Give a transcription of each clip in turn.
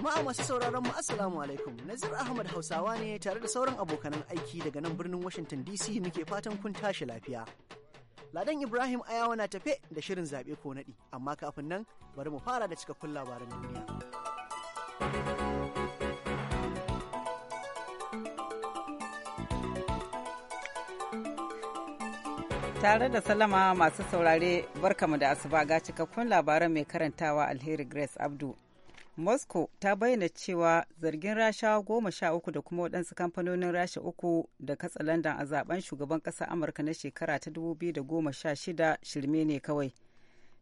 Jama'a masu sauraron mu Assalamu alaikum. Nazir Ahmad Hausawa ne tare da sauran abokanan aiki daga nan birnin Washington DC muke fatan kun tashi lafiya. Ladan Ibrahim Ayawa na tafe da shirin zaɓe ko naɗi, amma kafin nan bari mu fara da cikakkun labaran duniya. Tare da salama masu saurare barkamu da asuba ga cikakkun labaran mai karantawa Alheri Grace Abdu. moscow ta bayyana cewa zargin rasha goma sha uku da kuma waɗansu kamfanonin rasha uku da katsalandan a zaben shugaban ƙasar amurka na shekara ta dubu biyu da goma sha shida shirme ne kawai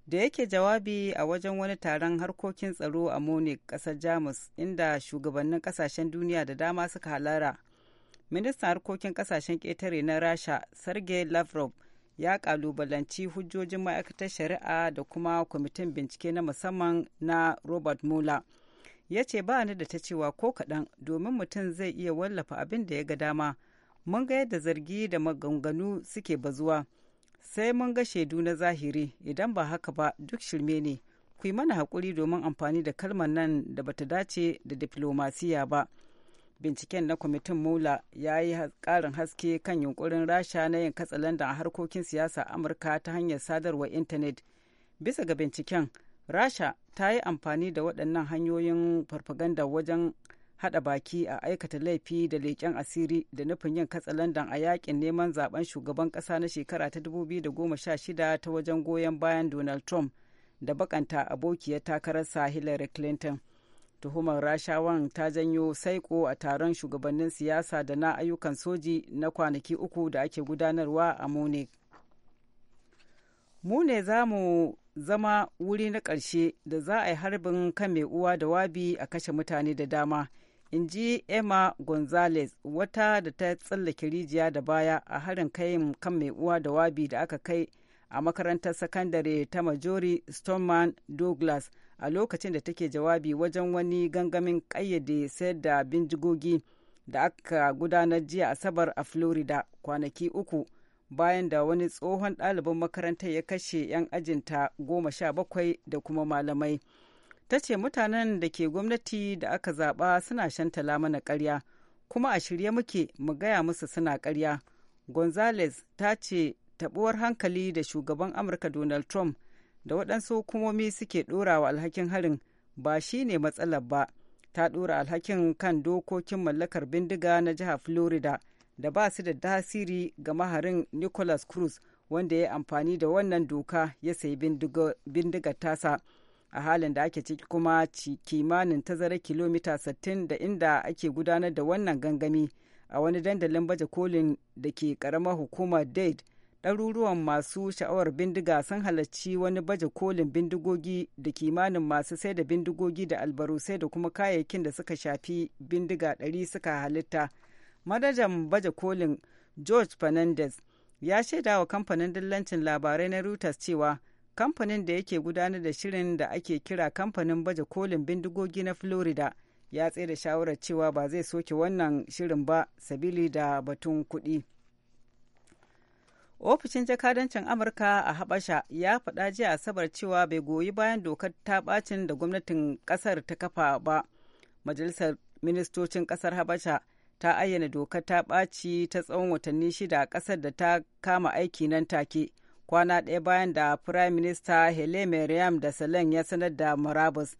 da yake jawabi a wajen wani taron harkokin tsaro a munich ƙasar jamus inda shugabannin ƙasashen duniya da dama suka halara ministan harkokin ƙasashen ƙetare na rasha sergei lavrov ya kalubalanci hujjojin ma'aikatar shari'a da kuma kwamitin bincike na musamman na robert mula ya ce ba da ta cewa ko kaɗan domin mutum zai iya wallafa abin da ya ga dama mun ga yadda zargi da maganganu suke bazuwa sai mun ga shaidu na zahiri idan ba haka ba duk shirme ne ku yi mana haƙuri domin amfani da kalmar nan da bata dace da diplomasiya ba binciken na kwamitin mula ya yi karin haske kan yunkurin rasha na yin katsalandan a harkokin siyasa amurka ta hanyar sadarwar intanet bisa ga binciken rasha ta yi amfani da waɗannan hanyoyin farfaganda wajen haɗa baki a aikata laifi da leƙen asiri da nufin yin katsalandan a yakin neman zaben shugaban ƙasa na shekara ta 2016 ta wajen goyon bayan donald trump da bakanta abokiyar takararsa hillary clinton tuhumar rashawan ta janyo saiko a taron shugabannin siyasa da na ayyukan soji na kwanaki uku da ake gudanarwa a munich mu ne za mu zama wuri na ƙarshe da za a yi harbin kan mai uwa da wabi a kashe mutane da dama in ji emma gonzales wata da ta tsallake rijiya da baya a harin kai kan mai uwa da wabi da aka kai a makarantar sakandare ta majori stoneman douglas a lokacin da take jawabi wajen wani gangamin ƙayyade sayar da bindigogi da aka gudanar jiya asabar a florida kwanaki uku bayan da wani tsohon ɗaliban makarantar ya kashe 'yan ajinta goma sha bakwai da kuma malamai ta ce mutanen da ke gwamnati da aka zaɓa suna shantala mana karya kuma a shirye muke mu gaya musu suna ƙarya gonzales ta ce taɓuwar hankali da shugaban amurka donald trump da waɗansu hukumomi suke ɗorawa alhakin harin ba shi ne matsalar ba ta ɗora alhakin kan dokokin mallakar bindiga na jihar florida da ba su da tasiri ga maharin nicholas cruz wanda ya yi amfani da wannan doka ya sayi bindigar tasa a halin da ake ciki kuma kimanin tazarar kilomita 60 da inda ake gudanar da wannan gangami a wani dandalin baje kolin da ke karamar hukumar dade ɗaruruwan masu sha'awar bindiga sun halarci wani baje kolin bindigogi da kimanin masu sai da bindigogi da albarusai da kuma kayayyakin da suka shafi bindiga ɗari suka halitta manajan baje kolin george fernandez ya shaida wa kamfanin dillancin labarai na reuters cewa kamfanin da yake gudanar da shirin da ake kira kamfanin baje kolin bindigogi na florida ya tsaye da shawarar cewa ba zai soke wannan shirin ba sabili da batun kuɗi. ofishin jakadancin amurka a habasha ya faɗa jiya asabar cewa bai goyi bayan dokar ta bacin da gwamnatin ƙasar ta kafa ba majalisar ministocin ƙasar habasha ta ayyana dokar ta ɓaci ta tsawon watanni shida a ƙasar da ta kama aiki nan take kwana ɗaya bayan da firayim minista hele maryam da salen ya sanar da marabus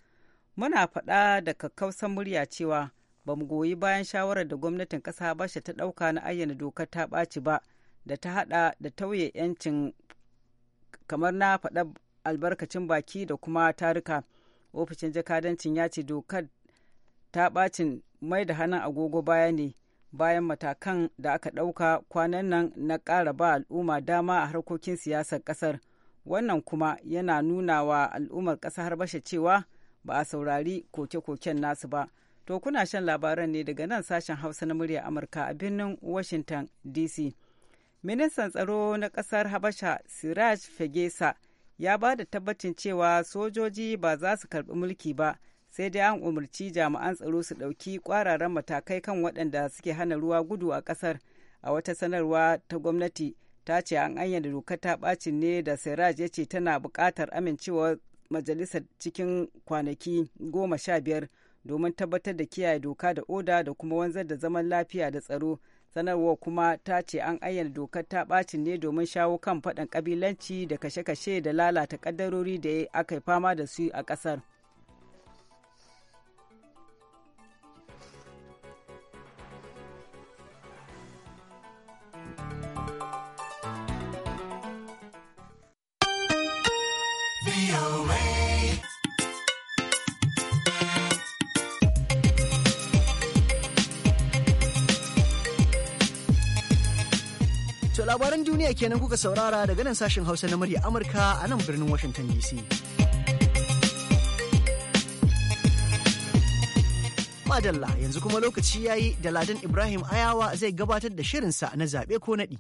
muna faɗa da kakkausan murya cewa ba mu goyi bayan shawarar da gwamnatin ƙasa habasha ta ɗauka na ayyana dokar ta ɓaci ba da ta hada da tauye 'yancin kamar na faɗa albarkacin baki da kuma tarika ofishin jakadancin ya ce dokar ta bacin mai da hannun agogo baya ne bayan matakan da aka ɗauka kwanan nan na kara ba al'umma dama a harkokin siyasar ƙasar wannan kuma yana nuna wa al'ummar ƙasa harbasha cewa ba a saurari koke-koken nasu ba to kuna shan labaran ne daga nan sashen hausa na murya amurka a birnin washington dc ministan tsaro na kasar habasha siraj fegesa ya ba da tabbacin cewa sojoji ba za su karbi mulki ba sai dai an umarci jami'an tsaro su ɗauki kwararan matakai kan waɗanda suke hana ruwa gudu a ƙasar a wata sanarwa ta gwamnati ta ce an ayyana dokar ta bacin ne da siraj ya ce tana buƙatar amincewa majalisar cikin kwanaki goma sha biyar domin tabbatar da kiyaye doka da oda da kuma wanzar da zaman lafiya da tsaro sanarwar kuma ta ce an ayyana dokar ta bacin ne domin shawo kan faɗan ƙabilanci da kashe-kashe da lalata ƙaddarori da aka fama da su a ƙasar. labaran duniya kenan kuka saurara daga nan sashen hausa na murya amurka a nan birnin washington dc madalla yanzu kuma lokaci yayi da ladan ibrahim ayawa zai gabatar da shirinsa na zaɓe ko naɗi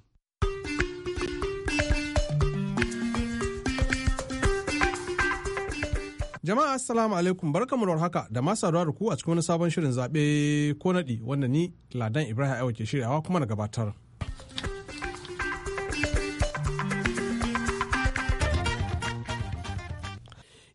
Jama'a assalamu alaikum barkamu da haka da masu saduwa da ku a cikin wani sabon shirin zaɓe ko naɗi wanda ni Ladan Ibrahim ayawa ke shiryawa kuma na gabatar.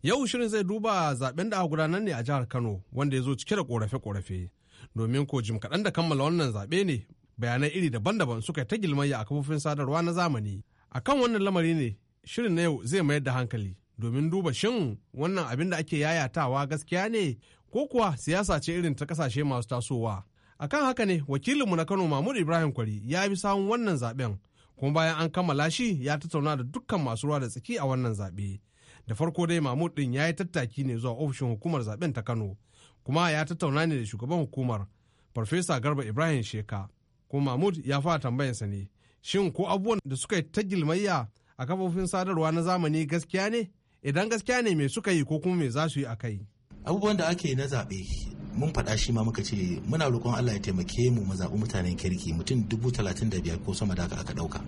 Yau shirin zai duba zaben da gudanar ne a jihar Kano wanda ya zo cike da korafe-korafe. Domin ko jim kaɗan da kammala wannan zaɓe ne bayanai iri daban-daban suka yi ta gilmayya a kafofin sadarwa na zamani. A kan wannan lamari ne shirin na yau zai mayar da hankali domin duba shin wannan abin da ake yayatawa gaskiya ne ko kuwa siyasa ce irin ta kasashe masu tasowa. a kan haka ne wakilinmu na Kano Mahmud Ibrahim Kwari ya bi sahun wannan zaɓen kuma bayan an kammala shi ya tattauna da dukkan masu ruwa da tsaki a wannan zaɓe. da farko dai mahmud din ya yi tattaki ne zuwa ofishin hukumar zaben ta kano kuma ya tattauna ne da shugaban hukumar farfesa garba ibrahim sheka kuma mahmud ya fara tambayansa ne shin ko abubuwan da suka yi ta gilmayya a kafofin sadarwa na zamani gaskiya ne idan gaskiya ne me suka yi ko kuma me za su yi a kai abubuwan da ake na zabe mun faɗa shi ma muka ce muna roƙon Allah ya taimake mu mu zaɓi mutanen kirki mutum dubu talatin da biyar ko sama da aka ɗauka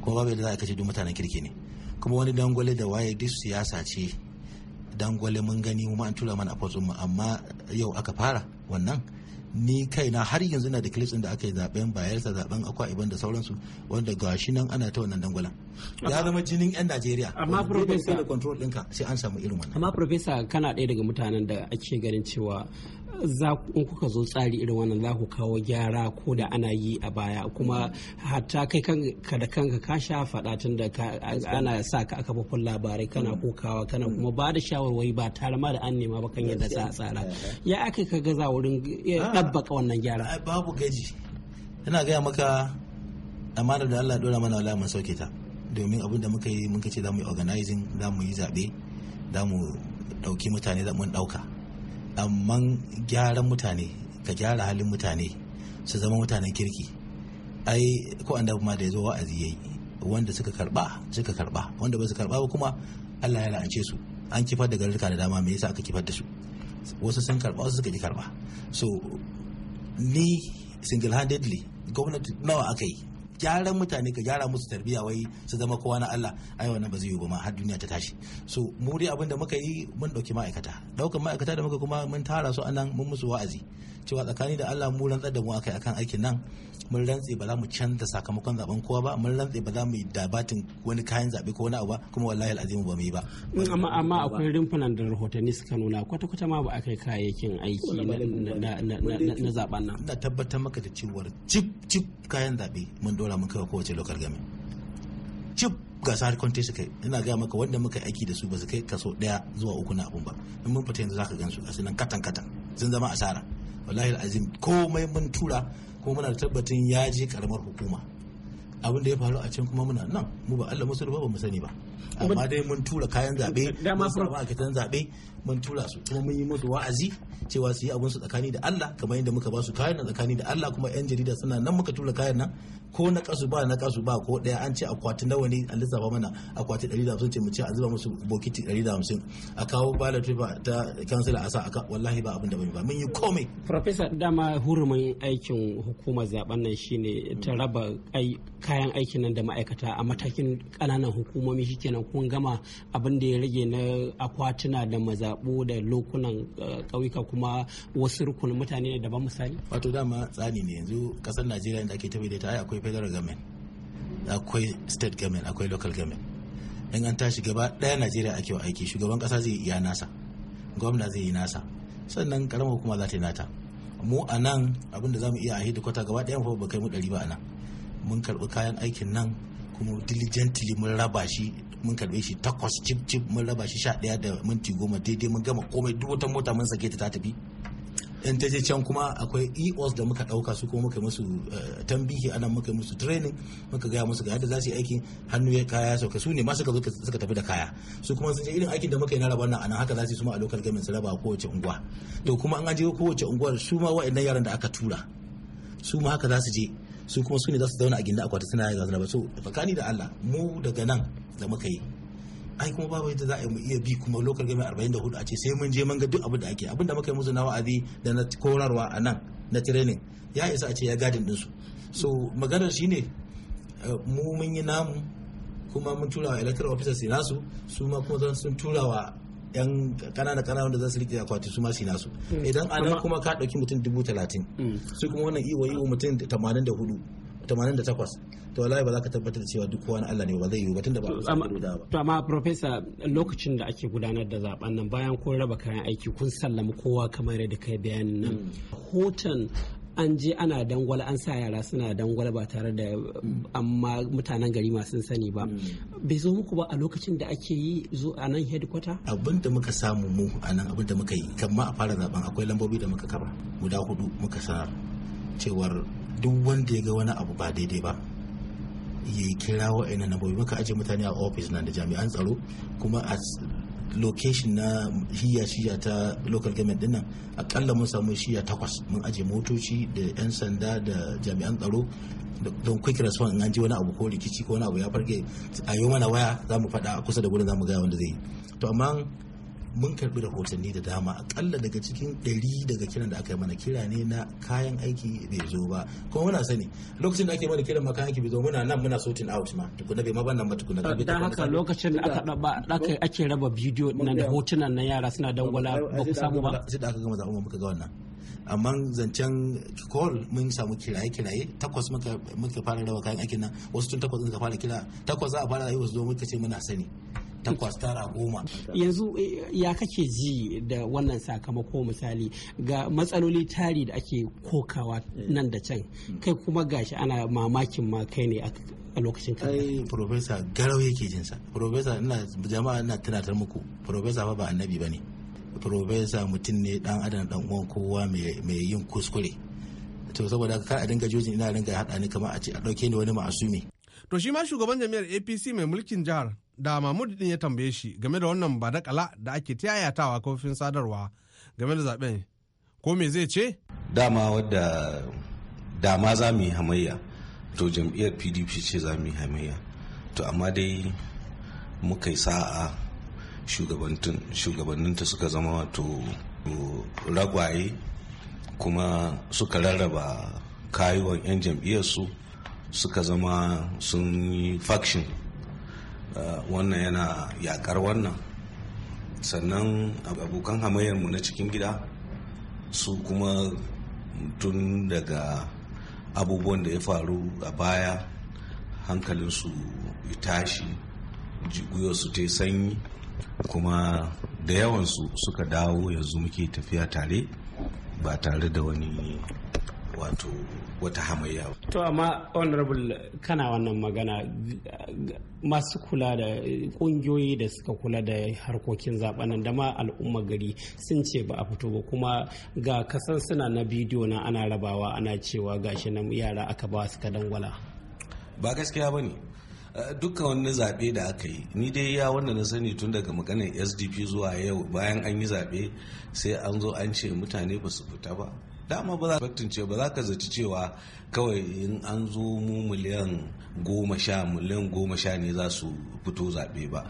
kuma babu yadda za a kashe duk mutanen kirki ne kuma wani dangwale da waye duk siyasa ce dangwale mun gani mu an tura mana a mu amma yau aka fara wannan ni kaina har yanzu na da clips da aka yi zaben bayelsa zaben akwa iban da sauransu wanda gashi nan ana ta wannan dangwalan ya zama jinin yan najeriya amma professor da control ɗinka sai an samu irin wannan amma professor kana ɗaya daga mutanen da ake ganin cewa za in kuka zo tsari irin wannan za ku kawo gyara ko da ana yi a baya kuma hatta kai ka da kanka ka sha faɗa tun da ana sa ka a kafofin labarai kana mm. kokawa kana mm. kuma ba da shawarwari ba tare ma da an nema ba kan yadda za a tsara ya aka ka gaza wurin ah, ɗabbaka wannan gyara babu gaji ina gaya maka amanar da Allah dora mana wala mun sauke ta domin abin da muka yi muka ce za mu yi organizing za mu yi zaɓe za mu ɗauki mutane za mu ɗauka amma gyaran mutane ka gyara halin mutane su zama mutanen kirki ai ko an ma da ya zo wa'azi yayi wanda suka karba suka karba wanda ba su karba ba kuma Allah ya la'ance su an kifar da garuruka da dama me yasa aka kifar da su wasu sun karba wasu suka ki karba so ni single handedly gwamnati nawa aka yi gyaran mutane ka gyara musu tarbiyya wai su zama kowa na Allah ai wannan ba zai yiwu ba ma har duniya ta tashi so mu dai abin da muka yi mun dauki ma'aikata daukan ma'aikata da muka kuma mun tara su anan mun musu wa'azi cewa tsakani da Allah mu rantsar da mu akai akan aikin nan mun rantsi ba za mu canza sakamakon zaben kowa ba mun rantsi ba za mu yi dabatin wani kayan zabe ko wani abu ba kuma wallahi alazim ba mu yi ba mm, amma amma akwai rumfunan da rahotanni suka nuna kwata kwata ma ba a kai kayayyakin aiki na zaben nan na tabbatar maka da cewa cip cip kayan zabe mun dora mun kai kowace lokar game cip gasa har kwante kai ina gaya maka wanda muka aiki da su ba su kai kaso daya zuwa uku na abun ba in mun fita yanzu zaka gan su a nan katan katan sun zama asara wallahi azim komai mun tura ko muna da tabbatin ya je karamar hukuma abin da ya faru a can kuma muna nan mu ba Allah musulma ba mu sani ba amma dai mun tura kayan zabe mun sa ma'aikatan zabe mun tura su kuma mun yi musu wa'azi cewa su yi abun su tsakani da Allah kamar yadda muka ba su kayan nan tsakani da Allah kuma yan jarida suna nan muka tura kayan nan ko na kasu ba na kasu ba ko daya an ce akwati nawa ne an lissafa mana akwati 150 ce mu ce a zuba musu bokiti 150 a kawo bala tuba ta kansila a sa aka wallahi ba abin da bai ba mun yi komai professor dama hurumin aikin hukumar zaben nan shine ta raba kayan aikin nan da ma'aikata a matakin kananan hukumomi shikenan kun gama abin da ya rage na akwatuna da maza zaɓo da lokunan eh, ƙauyuka kuma wasu rukunin mutane ne daban misali wato dama tsani ne yanzu ƙasar najeriya da ake da ta akwai federal government akwai state government akwai local government in an tashi gaba ɗaya najeriya ake wa aiki shugaban ƙasa zai iya nasa gwamna zai yi nasa sannan ƙaramar hukuma za ta yi nata mu a nan abinda za mu iya a hidikwata gaba ɗaya mu ba kai mu ɗari ba a nan mun karɓi kayan aikin nan kuma diligently mun raba shi mun karbe shi takwas cip cip mun raba shi sha ɗaya da minti goma daidai mun gama komai duk wata mota mun sake ta ta tafi in ta je can kuma akwai eos da muka ɗauka su kuma muka musu eh, tambihi ana muka musu training muka gaya musu ga yadda za su yi aikin hannu ya kaya sauka su ne ma suka tafi da kaya su kuma sun je irin aikin da muka yi na rabar nan anan haka za su yi su a local government su raba a kowace unguwa to kuma an aje kowace unguwar su ma wa'annan yaran da aka tura su ma haka za su je su kuma su ne za su zauna a gindin akwati suna yin ba so tsakani da Allah mu daga nan da muka yi ai kuma babu yadda za a iya bi kuma lokal game 44 a ce sai mun je mun ga duk abin da ake abin da muka yi musu na wa'azi da na korarwa a nan na training ya isa a ce ya gadin su so maganar shine eh, mu mun yi namu kuma mun tura wa electoral officers nasu su ma kuma sun tura wa yan kanana kanana wanda za su rike akwati su ma su nasu hmm. idan anan kuma ka dauki mutum dubu talatin hmm. su kuma wannan iwo iwo mutum tamanin da hudu tamanin da takwas to wallahi ba za ka tabbatar cewa duk wani Allah ne ba zai yiwu ba tunda ba ba to amma professor lokacin da ake gudanar da zaben nan bayan kun raba kayan aiki kun sallama kowa kamar yadda kai bayanin nan hmm. hoton an je ana dangwal an sa yara suna dangwal ba tare da amma mutanen gari masu sani ba mm. bai zo muku ba a lokacin da ake yi zo a nan headquarter abin da muka samu mu a nan abin da muka yi kamma a fara zaben akwai lambobi da muka kaba guda hudu muka sa cewar duk wanda ya ga wani abu ba daidai ba ya yi kira wa'annan lambobi muka ajiye mutane a ofis na da jami'an tsaro kuma location na shiya shiya ta local government din nan akalla mun samu shiya takwas mun aje motoci da yan sanda da jami'an tsaro don quick response in an ji wani abu ko rikici ko wani abu ya farge a yi mana waya za mu faɗa kusa da gurin za mu gaya wanda zai yi to amma mun karbi rahotanni da dama akalla daga cikin ɗari daga kiran da aka yi mana kira ne na kayan aiki bai zo ba kuma muna sani lokacin da ake mana kiran ma kayan aiki bai zo muna nan muna sorting out ma tukuna bai ma nan ba tukuna da haka lokacin da aka aka ake raba bidiyo na da hotunan na yara suna dangwala ba ku samu ba sai da aka gama zaɓen muka ga wannan amma zancen call mun samu kiraye kiraye takwas muka fara raba kayan aikin nan wasu tun takwas muka fara kira takwas za a fara yi wasu zo muka ce muna sani takwas tara goma yanzu eh, ya kake ji da wannan sakamako misali ga matsaloli tari da ake kokawa eh. nan da can kai kuma gashi ana mamakin ma kai ne a lokacin kai ai professor garau yake jinsa professor ina jama'a ina tunatar muku professor fa ba annabi bane profesa mutum ne dan adam dan uwan kowa mai yin kuskure to saboda kar a dinga jojin ina dinga haɗa ni kamar a ce a dauke ni wani ma'asumi to shi ma shugaban jami'ar apc mai mulkin jihar da mahmud din ya tambaye shi game da wannan ba da kala da ake ta yayatawa kafofin sadarwa game da zaben ko me zai ce dama wadda dama za mu yi hamayya to jam'iyyar pdp ce za mu yi hamayya to amma dai muka yi sa'a shugabannin ta suka zama wato ragwaye kuma suka rarraba kayuwan 'yan jam'iyyarsu suka zama sun yi faction Uh, wannan yana yakar wannan sannan abokan hamayyarmu na cikin gida su kuma tun daga abubuwan da ya faru a baya hankalinsu ya tashi su ta sanyi kuma da yawansu suka dawo yanzu muke tafiya tare ba tare da wani wato wata hamayya. To amma honorable kana wannan magana masu kula da kungiyoyi da suka kula da harkokin zaɓen da ma al'umma gari sun ce ba a fito ba kuma ga kasan suna na bidiyo na ana rabawa ana cewa gashi nan yara aka ba su dangwala. Ba gaskiya ba ne. dukkan wani zaɓe da aka yi ni dai ya wanda na sani tun daga maganar sdp zuwa yau bayan an yi zaɓe sai an zo an ce mutane ba su fita ba dama ba za ka ka zaci cewa kawai in an zo mu miliyan goma sha miliyan goma sha ne za su fito zaɓe ba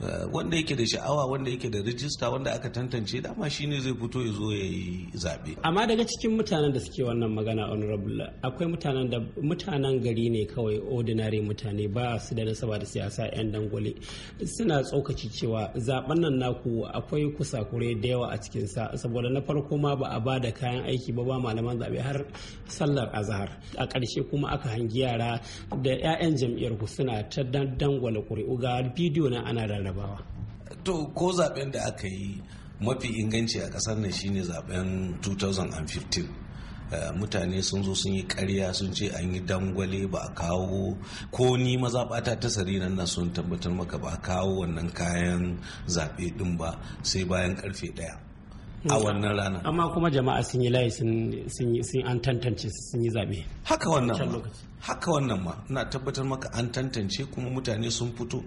eh, wanda yake da sha'awa wanda yake da rijista wanda aka tantance dama shine zai fito ya zo ya yi zaɓe amma daga cikin mutanen da suke wannan magana honorable akwai mutanen da mutanen gari ne kawai ordinary mutane ba su da nasaba da siyasa yan dangwale suna tsokaci cewa zaɓen nan naku akwai kusa kure da yawa a cikinsa saboda na farko ma ba a ba da kayan aiki ba ba malaman zaɓe har sallar azahar. a ƙarshe kuma aka hangi yara da 'ya'yan jam'iyyar ku suna ta dangwala ƙuri'u ga bidiyo na ana rarrabawa to ko zaben da aka yi mafi inganci a ƙasar nan shine zaben 2015 eh, mutane sun zo sun yi karya sun ce an yi dangwale ba a kawo ko ni mazaɓata ta sari nan na sun tabbatar maka ba a kawo wannan kayan zaɓe ɗin ba sai bayan ƙarfe ɗaya a wannan rana amma kuma jama'a sun yi layi sun an tantance sun yi zabe haka wannan haka wannan ma ina tabbatar maka an tantance kuma mutane sun fito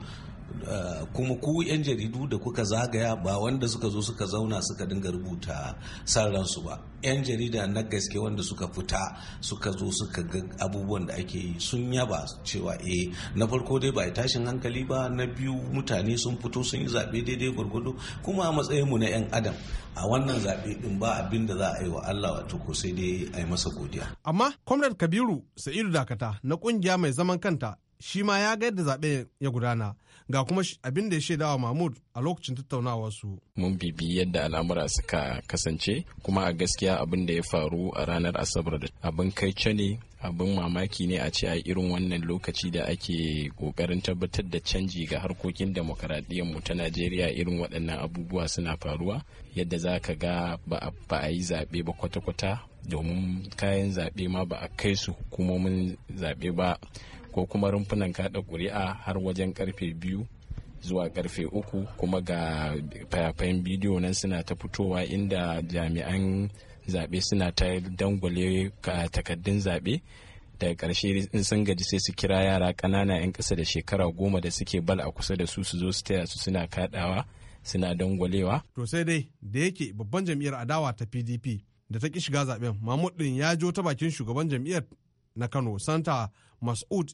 kuma ku 'yan jaridu da kuka zagaya ba wanda suka zo suka zauna suka dinga rubuta san ba 'yan jarida na gaske wanda suka fita suka zo suka ga abubuwan da ake yi sun yaba cewa eh na farko dai ba a tashin hankali ba na biyu mutane sun fito sun yi zaɓe daidai gwargwado kuma a matsayin mu na 'yan adam a wannan zaɓe din ba abin da za a yi wa Allah wato ko sai dai a yi masa godiya amma Comrade Kabiru Sa'idu Dakata na ƙungiya mai zaman kanta shi ma ya ga yadda zaɓe ya gudana ga kuma abin da ya shaidawa mahmud a lokacin tattaunawar su. mun bibi yadda al'amura suka kasance kuma a gaskiya abin da ya faru a ranar asabar da abin kai ne abin mamaki ne a ce a irin wannan lokaci da ake kokarin tabbatar da canji ga harkokin mu ta najeriya irin waɗannan abubuwa suna faruwa yadda za ka ga ba a yi zaɓe ba kwata-kwata domin kayan zaɓe ma ba a kai su hukumomin zaɓe ba ko kuma rumfunan kaɗa ƙuri'a har wajen karfe biyu zuwa karfe uku kuma ga fayafayen bidiyo nan suna ta fitowa inda jami'an zaɓe suna ta dangwale takaddun zaɓe daga ƙarshe in sun gaji sai su kira yara ƙanana 'yan kasa da shekara goma da suke bal a kusa da su su zo su taya su suna kaɗawa suna dangwalewa. To sai dai da yake babban jam'iyyar adawa ta PDP da ta ki shiga zaben Mahmud din ya jo ta bakin shugaban jam'iyyar na Kano Santa Mas'ud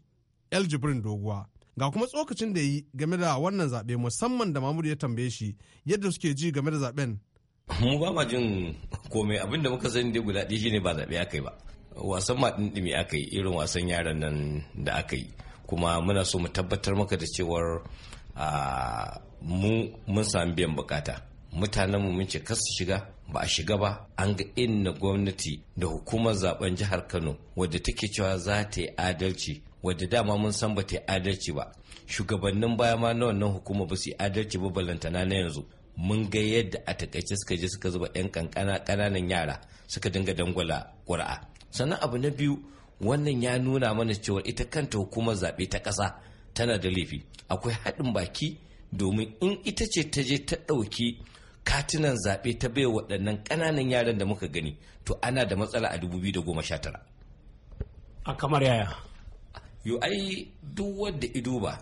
eljibrin doguwa ga kuma tsokacin da yi game da wannan zaɓe musamman da mamudu ya tambaye shi yadda suke ji game da zaɓen mu ba ma jin komai abinda muka sani dai guda ɗaya shine ba zaɓe aka yi ba wasan ma ɗinɗimi aka yi irin wasan yaran nan da aka yi kuma muna so mu tabbatar maka da cewar ah, mu mun sami biyan bukata mutanenmu mun ce su shiga ba a shiga ba an ga inna gwamnati da hukumar zaben jihar kano wadda take cewa za ta yi adalci wadda dama mun san ba ta yi adalci ba shugabannin baya ma na wannan hukuma ba su yi adalci ba balantana na yanzu mun ga yadda a takaice suka je suka zuba 'yan kankana kananan yara suka dinga dangwala ƙuri'a sannan abu na biyu wannan ya nuna mana cewa ita kanta hukumar zaɓe ta ƙasa tana da laifi akwai haɗin baki domin in ita ce ta je ta ɗauki katinan zaɓe ta bai waɗannan ƙananan yaran da muka gani to ana da matsala a 2019 a kamar yaya yo ai duk wadda ido ba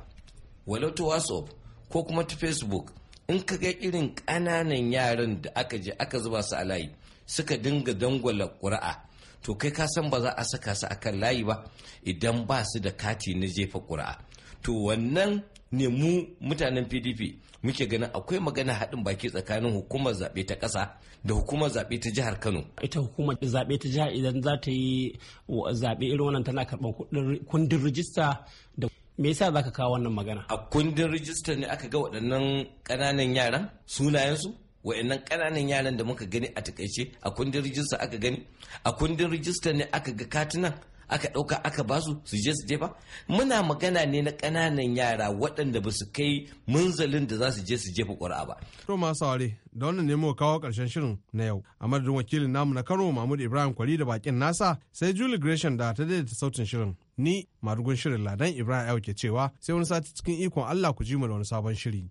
walau ta whatsapp ko kuma ta facebook in ka ga irin ƙananan yaran da aka je aka zuba su a layi suka dinga dangwala ƙuri'a to kai ka san ba za a saka su akan layi ba idan ba su da kati na jefa ƙuri'a to wannan ne mu mutanen pdp muke ganin akwai magana haɗin baki tsakanin hukumar zaɓe ta ƙasa da hukumar zaɓe ta jihar kano ita hukumar zaɓe ta jihar idan za ta yi zaɓe irin wannan tana karɓar kundin rijista da me yasa za ka kawo wannan magana a kundin rijista ne aka ga waɗannan ƙananan yaran sunayensu wa'annan ƙananan yaran da muka gani a takaice a kundin rijista aka gani a kundin rijista ne aka ga katunan aka ɗauka aka basu su je su jefa muna magana ne na ƙananan yara waɗanda ba su kai munzalin da za su je su jefa ƙuri'a ba. to masu aure da wannan ne muka kawo ƙarshen shirin na yau a madadin wakilin namu na karo mahmud ibrahim kwari da bakin nasa sai julie gresham da ta daidaita sautin shirin ni madugun shirin ladan ibrahim ke cewa sai wani sati cikin ikon allah ku ji mu da wani sabon shiri.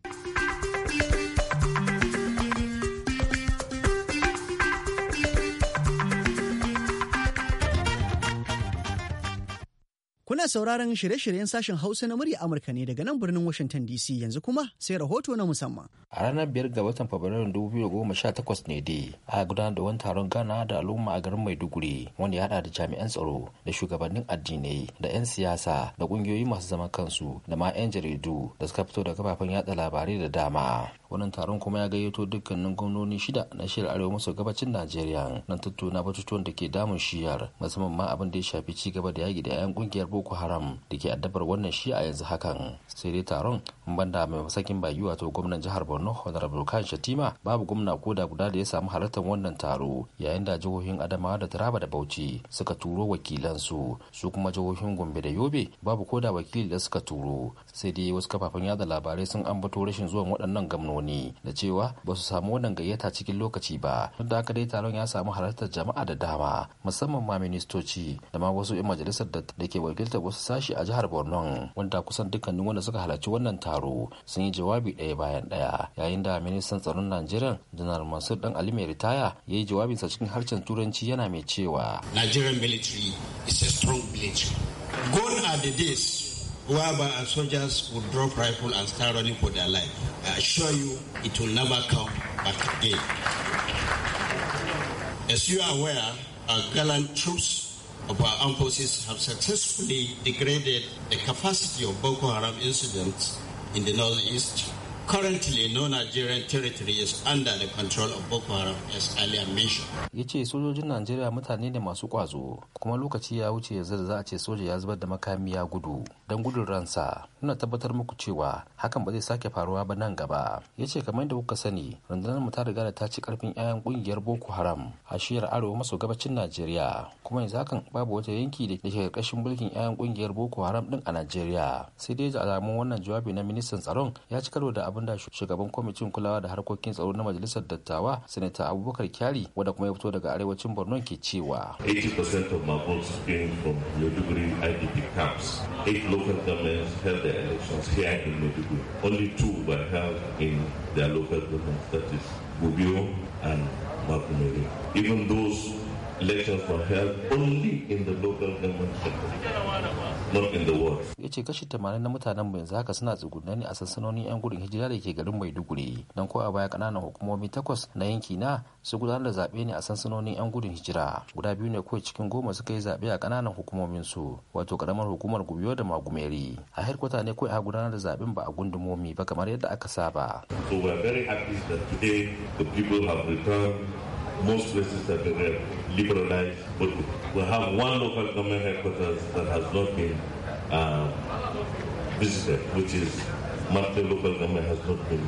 Kuna sauraron shirye-shiryen sashen Hausa na murya Amurka ne daga nan birnin Washington DC yanzu kuma sai rahoto na musamman. A ranar biyar ga watan Fabrairun 2018 ne dai a gudanar da wani taron gana da al'umma a garin Maiduguri wanda ya haɗa da jami'an tsaro da shugabannin addinai da 'yan siyasa da ƙungiyoyi masu zaman kansu da ma 'yan jaridu da suka fito da kafafen yatsa labarai da dama. wannan taron kuma ya gayyato dukkanin gwamnoni shida na shirin arewa maso gabacin najeriya na tattauna batutuwan da ke damun shiyar musamman ma abin da ya shafi ci gaba da yaƙi da 'yan ƙungiyar boko haram da ke addabar wannan shi a yanzu hakan sai dai taron banda mai masakin baki wato gwamnan jihar borno honorable kan shatima babu gwamna ko da guda da ya samu halartar wannan taro yayin da jihohin adamawa da taraba da bauchi suka turo wakilansu su kuma jihohin gombe da yobe babu ko da wakili da suka turo sai dai wasu kafafen yada labarai sun ambato rashin zuwan waɗannan gwamnoni da cewa ba su samu wannan gayyata cikin lokaci ba duk da haka dai taron ya samu halartar jama'a da dama musamman ma ministoci da ma wasu 'yan majalisar da ke wakiltar wasu sashi a jihar borno wanda kusan dukkanin wanda suka halarci wannan taro. tsaro sun yi jawabi ɗaya bayan ɗaya yayin da ministan tsaron najeriya janar mansur dan ali mai ritaya ya yi jawabinsa cikin harshen turanci yana mai cewa nigerian military is a strong military gone are the days whereby our soldiers would drop rifle and start running for their life. I assure you, it will never come back again. As you are aware, our gallant troops of our armed forces have successfully degraded the capacity of Boko Haram incidents in the northeast. Currently, no Nigerian territory is under the control of Boko Haram, as earlier mentioned. Ya ce sojojin Najeriya mutane ne masu kwazo, kuma lokaci ya wuce yanzu da za a ce soja ya zubar da makami ya gudu. don gudun ransa muna tabbatar muku cewa hakan ba zai sake faruwa ba nan gaba ya ce kamar yadda kuka sani rundunar mu ta riga da ta ci karfin 'ya'yan kungiyar boko haram a shiyar arewa maso gabacin najeriya kuma yanzu hakan babu wata yanki da ke karkashin mulkin 'ya'yan kungiyar boko haram din a najeriya sai dai da alamun wannan jawabi na ministan tsaron ya ci karo da abin da shugaban kwamitin kulawa da harkokin tsaro na majalisar dattawa sanata abubakar kyari wanda kuma ya fito daga arewacin borno ke cewa 80% of my votes came from Maiduguri IDP camps. local governments held their elections here in Medugu. Only two were held in their local governments, that is Gubio and Makumeri. Even those elections were held only in the local government sector. Ya ce kashi 80 na mutanen mu yanzu haka suna tsugunne ne a sansanonin 'yan gudun hijira da ke garin Maiduguri. Don ko a baya kananan hukumomi takwas na yanki na su gudanar da zaɓe ne a sansanonin 'yan gudun hijira. Guda biyu ne kawai cikin goma suka yi zaɓe a kananan hukumomin su wato karamar hukumar Gubiyo da Magumeri. A harkwata ne kawai a gudanar da zaɓen ba a gundumomi ba kamar yadda aka saba. So we are very happy that today the people most places that they were liberalized, but we have one local government headquarters that has not been uh, visited, which is Marte local government has not been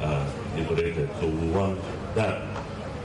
uh, liberated. So we want that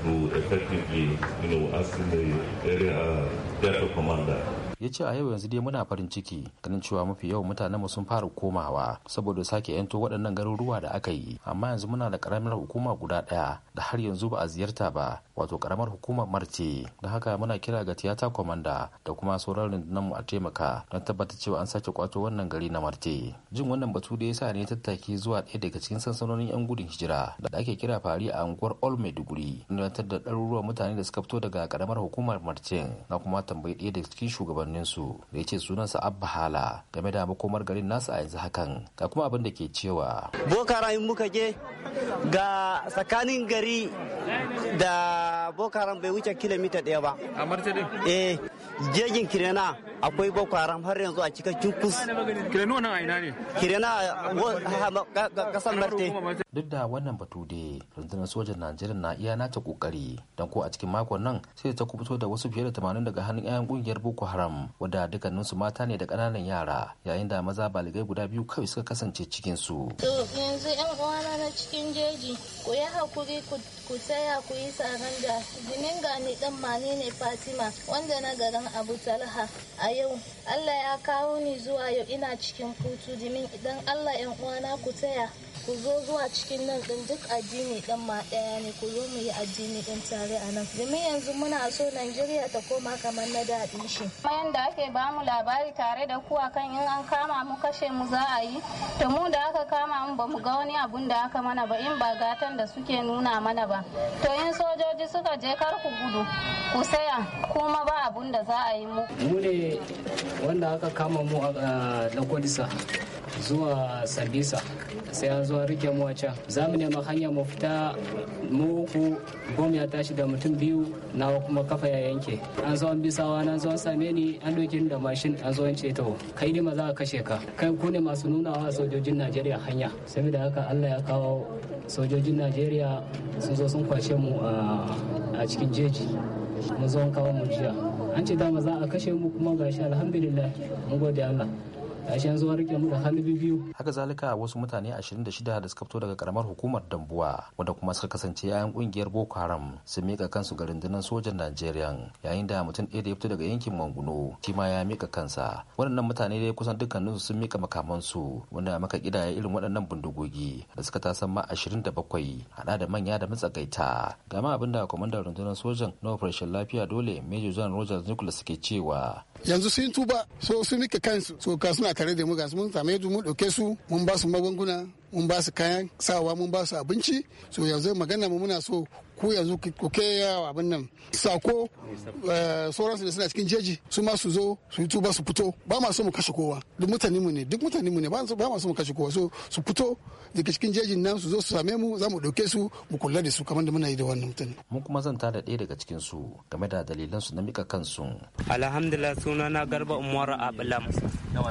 to effectively, you know, ask the area uh, commander ya ce a yau yanzu dai muna farin ciki ganin cewa mafi yawan mutanenmu sun fara komawa saboda sake yanto waɗannan garuruwa da aka yi amma yanzu muna da karamin hukuma guda ɗaya da har yanzu ba a ziyarta ba wato karamar hukumar marti da haka muna kira ga tiyata kwamanda da kuma sauran rundunar mu a taimaka don tabbatar cewa an sake kwato wannan gari na marce jin wannan batu da ya sa ne tattaki zuwa ɗaya daga cikin sansanonin yan gudun hijira da ake kira fari a unguwar all maiduguri inda da ɗaruruwan mutane da suka fito daga karamar hukumar marce na kuma tambayi ɗaya daga cikin shugabannin su da ya ce sunansa abba hala game da makomar garin nasa a yanzu hakan ga kuma abin da ke cewa bokara in muka je ga tsakanin gari da boko haram bai wuce kilomita ɗaya ba a eh jejin kirena akwai boko haram har yanzu a cikin jukus kirena nan aina ne marte duk da wannan batu da rundunar sojan najeriya na iya nata kokari don ko a cikin makon nan sai ta kubuto da wasu fiye da 80 daga hannun 'ya'yan kungiyar boko haram wadda dukkanin su mata ne da ƙananan yara yayin da maza baligai guda biyu kawai suka kasance cikin su to yanzu yan uwana na cikin jeji ku yi hakuri ku tsaya ku yi da ne dan mane ne fatima wanda na garin abu talha a yau Allah ya kawo ni zuwa yau ina cikin hutu dimin idan Allah 'yan uwana ku taya ku zo zuwa cikin nan din duk addini dan ma daya ne ku zo mu yi addini din tare a nan domin yanzu muna so Najeriya ta koma kamar na daɗin shi Kuma da ake ba mu labari tare da kuwa kan in an kama mu kashe mu za a yi to mu da aka kama mu ba mu ga wani abun da aka mana ba in ba gatan da suke nuna mana ba to in sojoji suka je kar ku gudu ku saya kuma ba abun da za a yi mu mu ne wanda aka kama mu a lakodisa zuwa salisa sai an zo rike mu a can za mu nema hanya mu fita mu uku bom ya tashi da mutum biyu nawa kuma kafa ya yanke an zo an bisawa na zo an same ni an doki da mashin an zo an ce to kai ne ma za ka kashe ka kai ku ne masu nuna wa sojojin najeriya hanya saboda haka allah ya kawo sojojin najeriya sun zo sun kwace mu a cikin jeji mun zo an kawo mu jiya an ce dama za a kashe mu kuma gashi alhamdulillah mun gode allah gashi yanzu rike mu da hannu biyu haka zalika wasu mutane 26 da suka fito daga karamar hukumar dambuwa wanda kuma suka kasance yayan kungiyar boko haram sun mika kansu ga rundunar sojan najeriya yayin da mutum ɗaya da ya fito daga yankin manguno shi ma ya mika kansa waɗannan mutane dai kusan dukkaninsu sun mika makamansu wanda maka kidaya irin waɗannan bindigogi da suka ta tasan ma 27 hada da manya da matsakaita gama abinda kwamandan rundunar sojan na operation lafiya dole major john rogers nicholas ke cewa yanzu sun tuba so sun nika kansu so ka suna kare da mu ga mun same mu mun dauke su mun ba su magunguna mun ba su kayan sawa mun ba su abinci so yanzu magana mu muna so ku yanzu ku ke abin nan sako eh, sauransu da suna cikin jeji su ma su zo su yi tuba su fito ba ma so mu kashe kowa duk mutane mu ne duk mutane mu ne ba ma so mu kashe kowa so su fito daga cikin jejin nan su zo su same mu za mu dauke su mu kula da su kamar da muna yi da wannan mutane mun kuma zan da ɗaya daga cikin su game da dalilan su na mika kansu alhamdulillah na garba umar abulam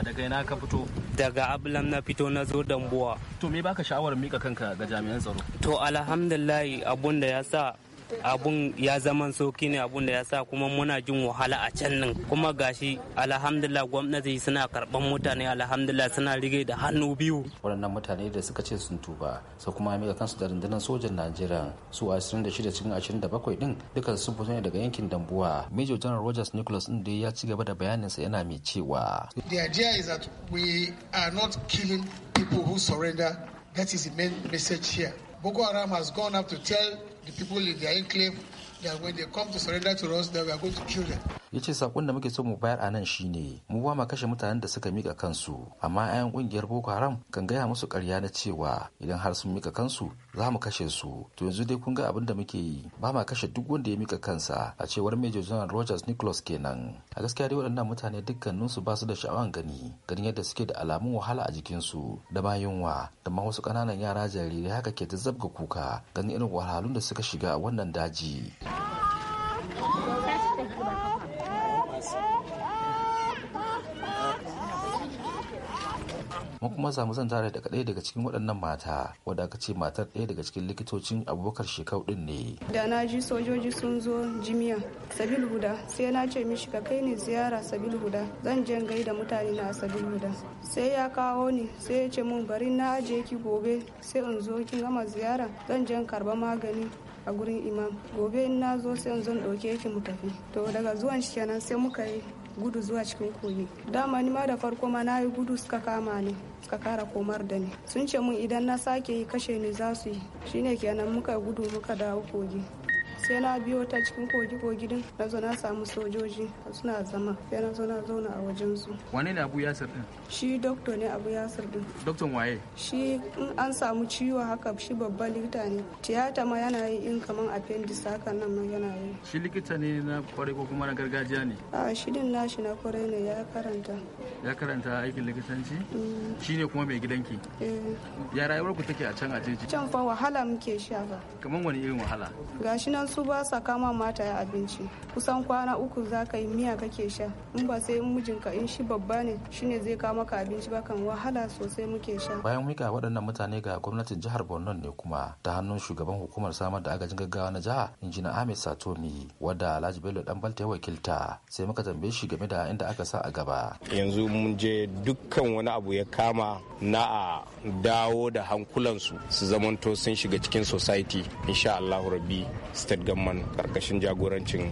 daga ina ka fito daga abulam na fito na zo dambuwa to me baka sha'awar mika kanka ga jami'an tsaro to alhamdulillah abun da ya sa abun ya zama sauki ne abun da ya sa kuma muna jin wahala a can nan kuma gashi alhamdulillah gwamnati suna karban mutane alhamdulillah suna rige da hannu biyu waɗannan mutane da suka ce sun tuba sai kuma mai kansu da rundunar sojan najeriya su 26 cikin 27 din dukkan sun fito ne daga yankin dambuwa major general rogers nicholas din da ya ci gaba da bayanin sa yana mai cewa the idea is that we are not killing people who surrender that is the main message here boko haram has gone up to tell the people in their enclave that when they come to surrender to us, that we are going to kill them. ya ce sakon da muke so mu bayar a nan shine mu ba ma kashe mutanen da suka mika kansu amma 'ya'yan kungiyar boko haram kan gaya musu karya na cewa idan har sun mika kansu za mu kashe su to yanzu dai kun ga abin da muke yi ba ma kashe duk wanda ya mika kansa a cewar major general rogers nicholas kenan a gaskiya dai waɗannan mutane dukkaninsu ba su da sha'awan gani ganin yadda suke da alamun wahala a jikinsu da ma yunwa da ma wasu ƙananan yara jarirai haka ke ta ga kuka ganin irin wahalhalun da suka shiga a wannan daji mu kuma samu zan tare da kaɗai daga cikin waɗannan mata wadda aka ce matar ɗaya daga cikin likitocin abubakar shekau ɗin ne da na ji sojoji sun zo jimiya sabil huda sai na ce mishi ka kai ni ziyara sabil huda zan je gaida mutane na sabil huda sai ya kawo ni sai ya ce mun bari na ajiye ki gobe sai in zo kin gama ziyara zan je karba magani a gurin imam gobe in na zo sai in zo ɗauke ki mu tafi to daga zuwan shi kenan sai muka yi gudu zuwa cikin kogi dama ni ma da farko ma na yi gudu suka kama ni suka kara komar da ni sun ce mun idan na sake yi kashe ni za su yi shine kenan muka gudu muka dawo kogi sai na biyo ta cikin kogi kogi din na zo na samu sojoji suna zama sai na zo na zauna a wajen su wane ne abu yasir din shi doktor ne abu yasir din doktor waye shi in an samu ciwo haka shi babban likita ne tiyata ma yana yi in kaman appendix haka nan ma yana yi shi likita ne na kwarai ko kuma na gargajiya ne a shi din nashi na kwarai ne ya karanta ya karanta aikin likitanci mm. shi ne kuma mai gidanki eh. ya rayuwar ku take a can a jeji can fa wahala muke sha ba kaman wani irin wahala gashi nan su wasu ba sa kama mata ya abinci kusan kwana uku za ka yi miya kake sha in ba sai mijinka in shi babba ne shine zai kama ka abinci ba kan wahala sosai muke sha bayan mika waɗannan mutane ga gwamnatin jihar Borno ne kuma ta hannun shugaban hukumar samar da agajin gaggawa na jiha injina Ahmed Satomi wadda Alhaji Bello dan Balta ya wakilta sai muka tambaye shi game da inda aka sa a gaba yanzu mun je dukkan wani abu ya kama na a dawo da hankulansu su zamanto sun shiga cikin society insha Allah rabbi state gamman karkashin jagorancin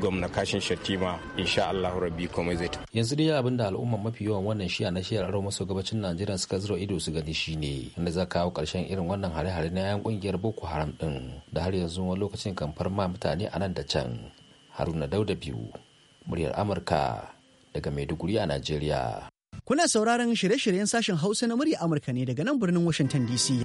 gwamna kashin shattima insha Allah rabbi komai zai ta yanzu dai abin da al'umma mafi yawan wannan shiya na shiyar aro maso gabacin Najeriya suka zura ido su gani shine inda za kawo karshen irin wannan hare-hare na yan kungiyar Boko Haram din da har yanzu wani lokacin kan ma mutane a nan da can Haruna Dauda biyu muryar Amurka daga Maiduguri a Najeriya Kuna sauraron shirye-shiryen sashen Hausa na murya Amurka ne daga nan birnin Washington DC.